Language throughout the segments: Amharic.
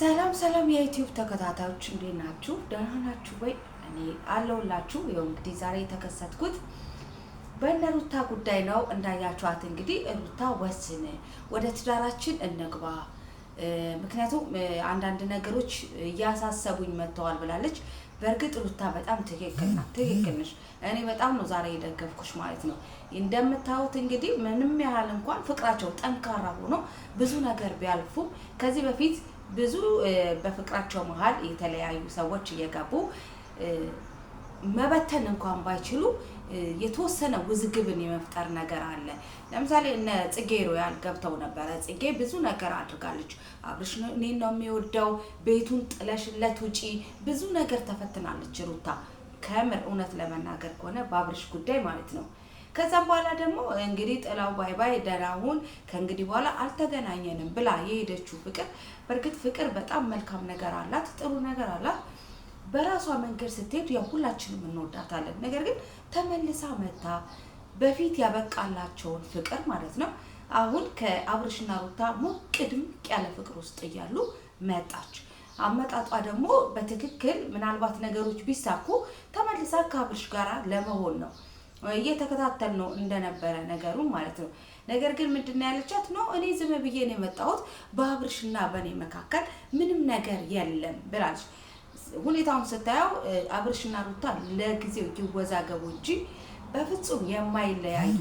ሰላም ሰላም የዩቲዩብ ተከታታዮች እንዴት ናችሁ? ደህና ናችሁ ወይ? እኔ አለሁላችሁ። ይኸው እንግዲህ ዛሬ የተከሰትኩት በእነ ሩታ ጉዳይ ነው። እንዳያችኋት እንግዲህ ሩታ ወስን፣ ወደ ትዳራችን እንግባ፣ ምክንያቱም አንዳንድ ነገሮች እያሳሰቡኝ መጥተዋል ብላለች። በእርግጥ ሩታ በጣም ትክክል ናት፣ ትክክል ነሽ። እኔ በጣም ነው ዛሬ የደገፍኩሽ ማለት ነው። እንደምታዩት እንግዲህ ምንም ያህል እንኳን ፍቅራቸው ጠንካራ ሆኖ ብዙ ነገር ቢያልፉ ከዚህ በፊት ብዙ በፍቅራቸው መሀል የተለያዩ ሰዎች እየገቡ መበተን እንኳን ባይችሉ የተወሰነ ውዝግብን የመፍጠር ነገር አለ። ለምሳሌ እነ ጽጌ ሮያል ገብተው ነበረ። ጽጌ ብዙ ነገር አድርጋለች። አብርሽ እኔን ነው የሚወደው፣ ቤቱን ጥለሽለት ውጪ፣ ብዙ ነገር ተፈትናለች ሩታ። ከምር እውነት ለመናገር ከሆነ በአብርሽ ጉዳይ ማለት ነው ከዛም በኋላ ደግሞ እንግዲህ ጥላው ባይ ባይ ደራሁን ከእንግዲህ በኋላ አልተገናኘንም ብላ የሄደችው ፍቅር፣ በእርግጥ ፍቅር በጣም መልካም ነገር አላት፣ ጥሩ ነገር አላት። በራሷ መንገድ ስትሄድ ያው ሁላችንም እንወዳታለን። ነገር ግን ተመልሳ መታ በፊት ያበቃላቸውን ፍቅር ማለት ነው። አሁን ከአብርሽና ሩታ ሞቅ ድምቅ ያለ ፍቅር ውስጥ እያሉ መጣች። አመጣጧ ደግሞ በትክክል ምናልባት ነገሮች ቢሳኩ ተመልሳ ከአብርሽ ጋራ ለመሆን ነው። እየተከታተል ነው እንደነበረ ነገሩ ማለት ነው። ነገር ግን ምንድን ያለቻት ነው እኔ ዝም ብዬ ነው የመጣሁት በአብርሽና በእኔ መካከል ምንም ነገር የለም ብላለች። ሁኔታውን ስታየው አብርሽና ሩታ ለጊዜው ይወዛገቡ እንጂ በፍጹም የማይለያዩ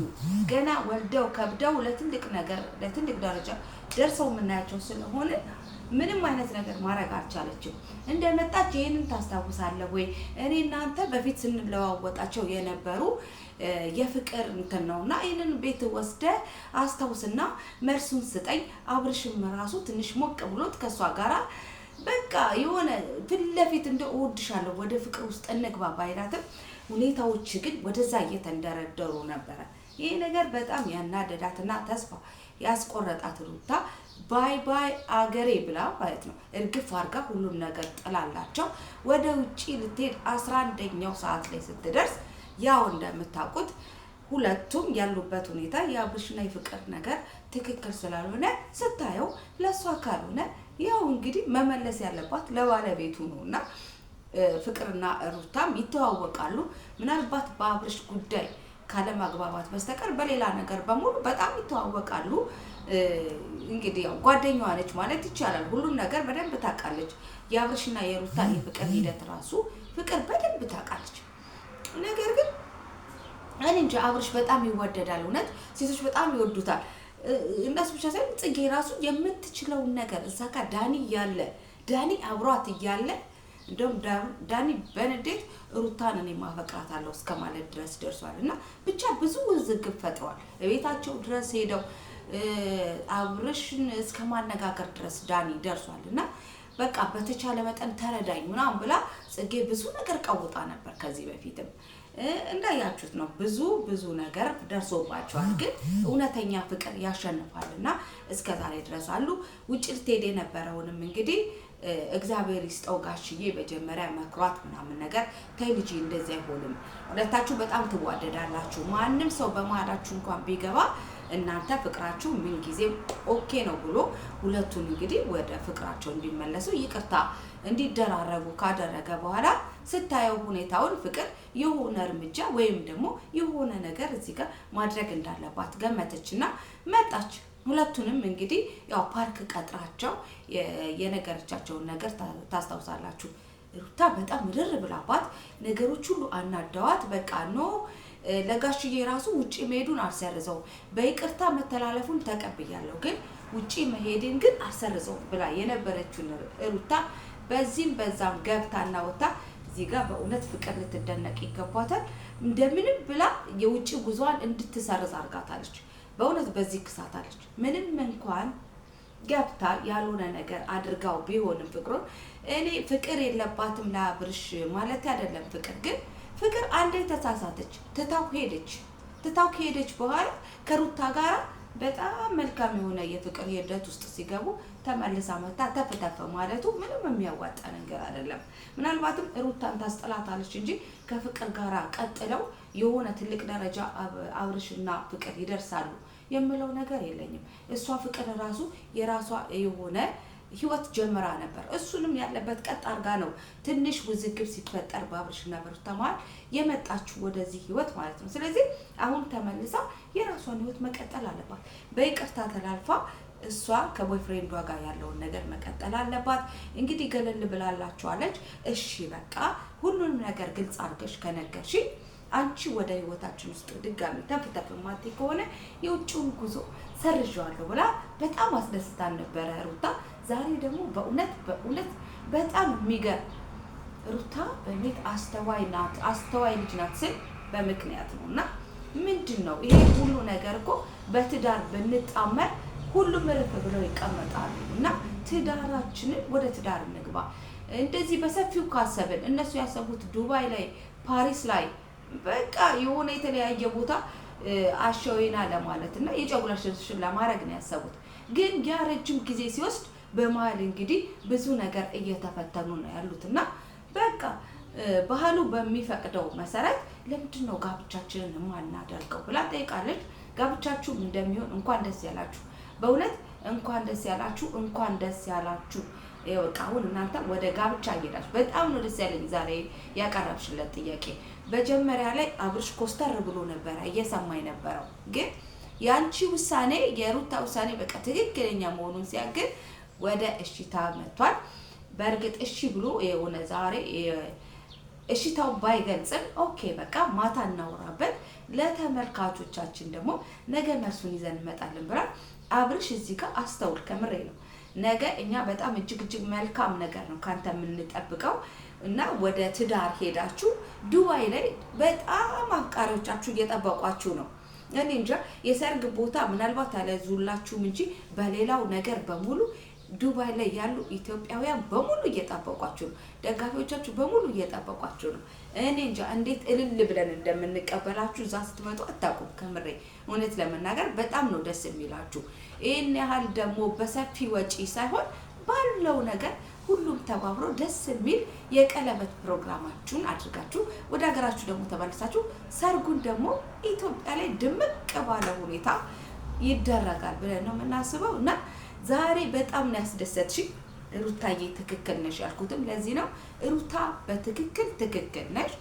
ገና ወልደው ከብደው ለትልቅ ነገር ለትልቅ ደረጃ ደርሰው የምናያቸው ስለሆነ ምንም አይነት ነገር ማድረግ አልቻለችም። እንደመጣች ይህንን ታስታውሳለህ ወይ? እኔ እናንተ በፊት ስንለዋወጣቸው የነበሩ የፍቅር እንትን ነው እና ይህንን ቤት ወስደ አስታውስና መልሱን ስጠኝ። አብርሽም ራሱ ትንሽ ሞቅ ብሎት ከእሷ ጋራ በቃ የሆነ ፊት ለፊት እንደ እወድሻለሁ ወደ ፍቅር ውስጥ እንግባ ባይላትም ሁኔታዎች ግን ወደዛ እየተንደረደሩ ነበረ። ይህ ነገር በጣም ያናደዳትና ተስፋ ያስቆረጣት ሩታ ባይ ባይ አገሬ ብላ ማለት ነው እርግፍ አርጋ ሁሉም ነገር ጥላላቸው ወደ ውጭ ልትሄድ አስራ አንደኛው ሰዓት ላይ ስትደርስ ያው እንደምታውቁት ሁለቱም ያሉበት ሁኔታ የአብርሽና የፍቅር ነገር ትክክል ስላልሆነ ስታየው ለእሷ ካልሆነ ያው እንግዲህ መመለስ ያለባት ለባለቤቱ ነው እና ፍቅርና ሩታም ይተዋወቃሉ። ምናልባት በአብርሽ ጉዳይ ካለማግባባት በስተቀር በሌላ ነገር በሙሉ በጣም ይተዋወቃሉ። እንግዲህ ያው ጓደኛዋ ነች ማለት ይቻላል። ሁሉም ነገር በደንብ ታውቃለች። የአብርሽና የሩታ የፍቅር ሂደት ራሱ ፍቅር በደንብ ታውቃለች። ነገር ግን እኔ እንጃ አብርሽ በጣም ይወደዳል። እውነት ሴቶች በጣም ይወዱታል። እነሱ ብቻ ሳይሆን ጽጌ ራሱ የምትችለውን ነገር እዛ ጋር ዳኒ እያለ ዳኒ አብሯት እያለ እንደውም ዳኒ በንዴት ሩታን እኔ አለው እስከ ማለት ድረስ ደርሷል። እና ብቻ ብዙ ውዝግብ ፈጥሯል። ቤታቸው ድረስ ሄደው አብርሽን እስከ ማነጋገር ድረስ ዳኒ ደርሷል። እና በቃ በተቻለ መጠን ተረዳኝ ምናምን ብላ ጽጌ ብዙ ነገር ቀውጣ ነበር ከዚህ በፊትም እንዳያችሁት ነው። ብዙ ብዙ ነገር ደርሶባቸዋል። ግን እውነተኛ ፍቅር ያሸንፋል እና እስከ ዛሬ ድረስ አሉ። ውጭ ልትሄድ የነበረውንም እንግዲህ እግዚአብሔር ይስጠው ጋሽዬ መጀመሪያ መክሯት ምናምን ነገር ተይ ልጅ እንደዚህ አይሆንም። ሁለታችሁ በጣም ትዋደዳላችሁ። ማንም ሰው በመሀላችሁ እንኳን ቢገባ እናንተ ፍቅራችሁ ምን ኦኬ ነው ብሎ ሁለቱን እንግዲህ ወደ ፍቅራቸው እንዲመለሱ ይቅርታ እንዲደራረጉ ካደረገ በኋላ ስታየው ሁኔታውን ፍቅር የሆነ እርምጃ ወይም ደግሞ የሆነ ነገር እዚህ ጋር ማድረግ እንዳለባት ገመተችና መጣች። ሁለቱንም እንግዲህ ያው ፓርክ ቀጥራቸው የነገረቻቸውን ነገር ታስታውሳላችሁ። ሩታ በጣም ምርር ብላባት ነገሮች ሁሉ አናደዋት። በቃ ኖ ለጋሽዬ ራሱ ውጪ መሄዱን አልሰርዘውም፣ በይቅርታ መተላለፉን ተቀብያለሁ፣ ግን ውጪ መሄድን ግን አልሰርዘውም ብላ የነበረችውን ሩታ በዚህም በዛም ገብታና ወታ እዚህ ጋር በእውነት ፍቅር ልትደነቅ ይገባታል። እንደምንም ብላ የውጭ ጉዞዋን እንድትሰርዝ አርጋታለች። በእውነት በዚህ ክሳት አለች። ምንም እንኳን ገብታ ያልሆነ ነገር አድርጋው ቢሆንም ፍቅሩን እኔ ፍቅር የለባትም ለአብርሽ ማለት አይደለም። ፍቅር ግን ፍቅር አንዴ ተሳሳተች፣ ትታው ሄደች። ትታው ከሄደች በኋላ ከሩታ ጋር በጣም መልካም የሆነ የፍቅር ሂደት ውስጥ ሲገቡ ተመልሳ መታ ተፍተፍ ማለቱ ምንም የሚያዋጣ ነገር አይደለም። ምናልባትም ሩታን ታስጥላታለች እንጂ ከፍቅር ጋር ቀጥለው የሆነ ትልቅ ደረጃ አብርሽና ፍቅር ይደርሳሉ የምለው ነገር የለኝም። እሷ ፍቅር ራሱ የራሷ የሆነ ህይወት ጀምራ ነበር። እሱንም ያለበት ቀጥ አርጋ ነው ትንሽ ውዝግብ ሲፈጠር በአብርሽና በሩታ ተማል የመጣችው ወደዚህ ህይወት ማለት ነው። ስለዚህ አሁን ተመልሳ የራሷን ህይወት መቀጠል አለባት። በይቅርታ ተላልፋ እሷ ከቦይፍሬንዷ ጋር ያለውን ነገር መቀጠል አለባት። እንግዲህ ገለል ብላላችኋለች። እሺ በቃ ሁሉንም ነገር ግልጽ አድርገሽ ከነገርሽ አንቺ ወደ ህይወታችን ውስጥ ድጋሚ ተፍተፍ ተፍ ከሆነ የውጭውን ጉዞ ሰርዣዋለሁ ብላ በጣም አስደስታን ነበረ ሩታ። ዛሬ ደግሞ በእውነት በእውነት በጣም የሚገርም ሩታ በቤት አስተዋይ ናት፣ አስተዋይ ልጅ ናት ስል በምክንያት ነው እና ምንድን ነው ይሄ ሁሉ ነገር እኮ በትዳር ብንጣመር ሁሉም እርፍ ብለው ይቀመጣሉ እና ትዳራችንን ወደ ትዳር እንግባ። እንደዚህ በሰፊው ካሰብን እነሱ ያሰቡት ዱባይ ላይ፣ ፓሪስ ላይ በቃ የሆነ የተለያየ ቦታ አሸወና ለማለት እና የጨጉላ ሽርሽር ለማድረግ ነው ያሰቡት። ግን ያ ረጅም ጊዜ ሲወስድ በመሀል እንግዲህ ብዙ ነገር እየተፈተኑ ነው ያሉት እና በቃ ባህሉ በሚፈቅደው መሰረት ለምንድን ነው ጋብቻችንን የማናደርገው ብላ ጠይቃለች። ጋብቻችሁም እንደሚሆን እንኳን ደስ ያላችሁ በእውነት እንኳን ደስ ያላችሁ፣ እንኳን ደስ ያላችሁ። በቃ አሁን እናንተ ወደ ጋብቻ እየሄዳችሁ በጣም ነው ደስ ያለኝ ዛሬ ያቀረብሽለት ጥያቄ። መጀመሪያ ላይ አብርሽ ኮስተር ብሎ ነበረ እየሰማኝ ነበረው፣ ግን የአንቺ ውሳኔ የሩታ ውሳኔ በቃ ትክክለኛ መሆኑን ሲያግል ወደ እሽታ መጥቷል። በእርግጥ እሺ ብሎ የሆነ ዛሬ እሽታው ባይገልጽም ኦኬ በቃ ማታ እናውራበት። ለተመልካቾቻችን ደግሞ ነገ መልሱን ይዘን እንመጣለን ብላል አብርሽ እዚህ ጋር አስተውል፣ ከምሬ ነው። ነገ እኛ በጣም እጅግ እጅግ መልካም ነገር ነው ካንተ የምንጠብቀው እና ወደ ትዳር ሄዳችሁ ዱባይ ላይ በጣም አፍቃሪዎቻችሁ እየጠበቋችሁ ነው። እኔ እንጃ የሰርግ ቦታ ምናልባት አለዙላችሁም እንጂ በሌላው ነገር በሙሉ ዱባይ ላይ ያሉ ኢትዮጵያውያን በሙሉ እየጠበቋችሁ ነው። ደጋፊዎቻችሁ በሙሉ እየጠበቋችሁ ነው። እኔ እንጃ እንዴት እልል ብለን እንደምንቀበላችሁ እዛ ስትመጡ አታውቁም። ከምሬ እውነት ለመናገር በጣም ነው ደስ የሚላችሁ። ይህን ያህል ደግሞ በሰፊ ወጪ ሳይሆን ባለው ነገር ሁሉም ተባብሮ ደስ የሚል የቀለበት ፕሮግራማችሁን አድርጋችሁ ወደ ሀገራችሁ ደግሞ ተመልሳችሁ ሰርጉን ደግሞ ኢትዮጵያ ላይ ድምቅ ባለ ሁኔታ ይደረጋል ብለን ነው የምናስበው እና ዛሬ በጣም ነው ያስደሰትሽኝ ሩታዬ። ትክክል ነሽ ያልኩትም ለዚህ ነው። ሩታ በትክክል ትክክል ነሽ።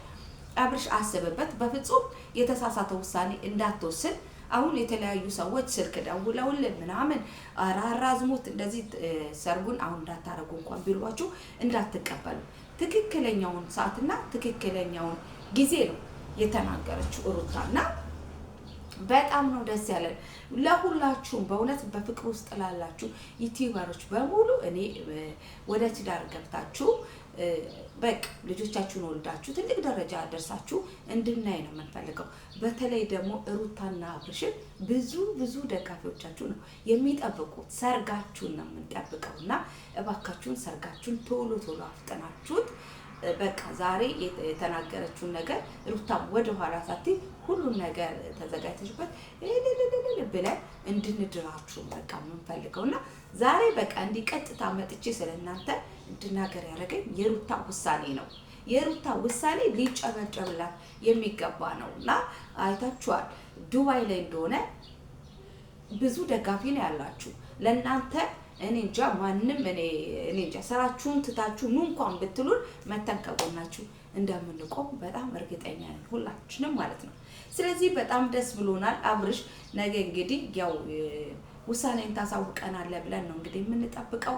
አብርሽ አስብበት። በፍጹም የተሳሳተ ውሳኔ እንዳትወስን። አሁን የተለያዩ ሰዎች ስልክ ደውለውልን ምናምን አራራዝሙት እንደዚህ ሰርጉን አሁን እንዳታረጉ እንኳን ቢሏችሁ እንዳትቀበሉ። ትክክለኛውን ሰዓትና ትክክለኛውን ጊዜ ነው የተናገረችው ሩታና በጣም ነው ደስ ያለን። ለሁላችሁም በእውነት በፍቅር ውስጥ ላላችሁ ዩቲዩበሮች በሙሉ እኔ ወደ ትዳር ገብታችሁ በቅ ልጆቻችሁን ወልዳችሁ ትልቅ ደረጃ ደርሳችሁ እንድናይ ነው የምንፈልገው። በተለይ ደግሞ ሩታና አብርሽን ብዙ ብዙ ደጋፊዎቻችሁ ነው የሚጠብቁት። ሰርጋችሁን ነው የምንጠብቀው እና እባካችሁን ሰርጋችሁን ቶሎ ቶሎ አፍጥናችሁት በቃ ዛሬ የተናገረችውን ነገር ሩታ ወደ ኋላ ሳቲ ሁሉን ነገር ተዘጋጅተሽበት ብለን እንድንድራችሁ በቃ የምንፈልገው እና ዛሬ በቃ እንዲህ ቀጥታ መጥቼ ስለናንተ እንድናገር ያደረገኝ የሩታ ውሳኔ ነው። የሩታ ውሳኔ ሊጨበጨብላት የሚገባ ነው እና አይታችኋል። ዱባይ ላይ እንደሆነ ብዙ ደጋፊ ነው ያላችሁ ለእናንተ እኔ እንጃ ማንም እኔ እኔ እንጃ ስራችሁን ትታችሁ ኑ እንኳን ብትሉን መተን ከጎናችሁ እንደምንቆም በጣም እርግጠኛ ነን ሁላችንም ማለት ነው። ስለዚህ በጣም ደስ ብሎናል። አብርሽ ነገ እንግዲህ ያው ውሳኔን ታሳውቀናለህ ብለን ነው እንግዲህ የምንጠብቀው።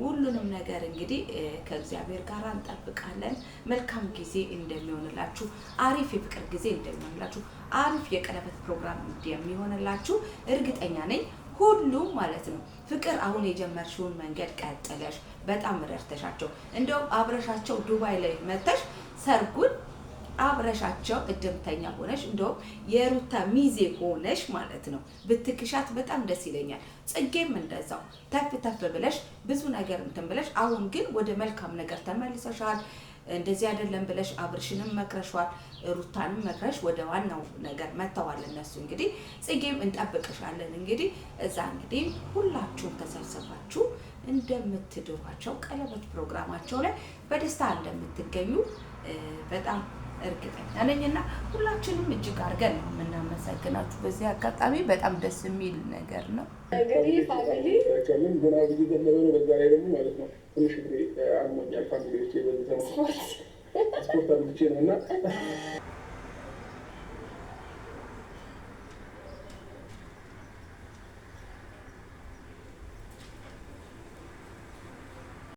ሁሉንም ነገር እንግዲህ ከእግዚአብሔር ጋር እንጠብቃለን። መልካም ጊዜ እንደሚሆንላችሁ፣ አሪፍ የፍቅር ጊዜ እንደሚሆንላችሁ፣ አሪፍ የቀለበት ፕሮግራም እንደሚሆንላችሁ እርግጠኛ ነኝ። ሁሉም ማለት ነው። ፍቅር አሁን የጀመርሽውን መንገድ ቀጥለሽ በጣም ረድተሻቸው፣ እንደውም አብረሻቸው ዱባይ ላይ መተሽ ሰርጉን አብረሻቸው እድምተኛ ሆነሽ እንደውም የሩታ ሚዜ ሆነሽ ማለት ነው ብትክሻት በጣም ደስ ይለኛል። ጽጌም እንደዛው ተፍ ተፍ ብለሽ ብዙ ነገር እንትን ብለሽ፣ አሁን ግን ወደ መልካም ነገር ተመልሰሻል። እንደዚህ አይደለም ብለሽ አብርሽንም መክረሿል፣ ሩታንም መክረሽ ወደ ዋናው ነገር መጥተዋል እነሱ። እንግዲህ ጽጌም እንጠብቅሻለን። እንግዲህ እዛ እንግዲህ ሁላችሁም ተሰብሰባችሁ እንደምትድሯቸው ቀለበት ፕሮግራማቸው ላይ በደስታ እንደምትገኙ በጣም እርግጠኛ ነኝ እና ሁላችንም እጅግ አድርገን ነው የምናመሰግናችሁ። በዚህ አጋጣሚ በጣም ደስ የሚል ነገር ነው። ስፖርት አድርጌ ነው እና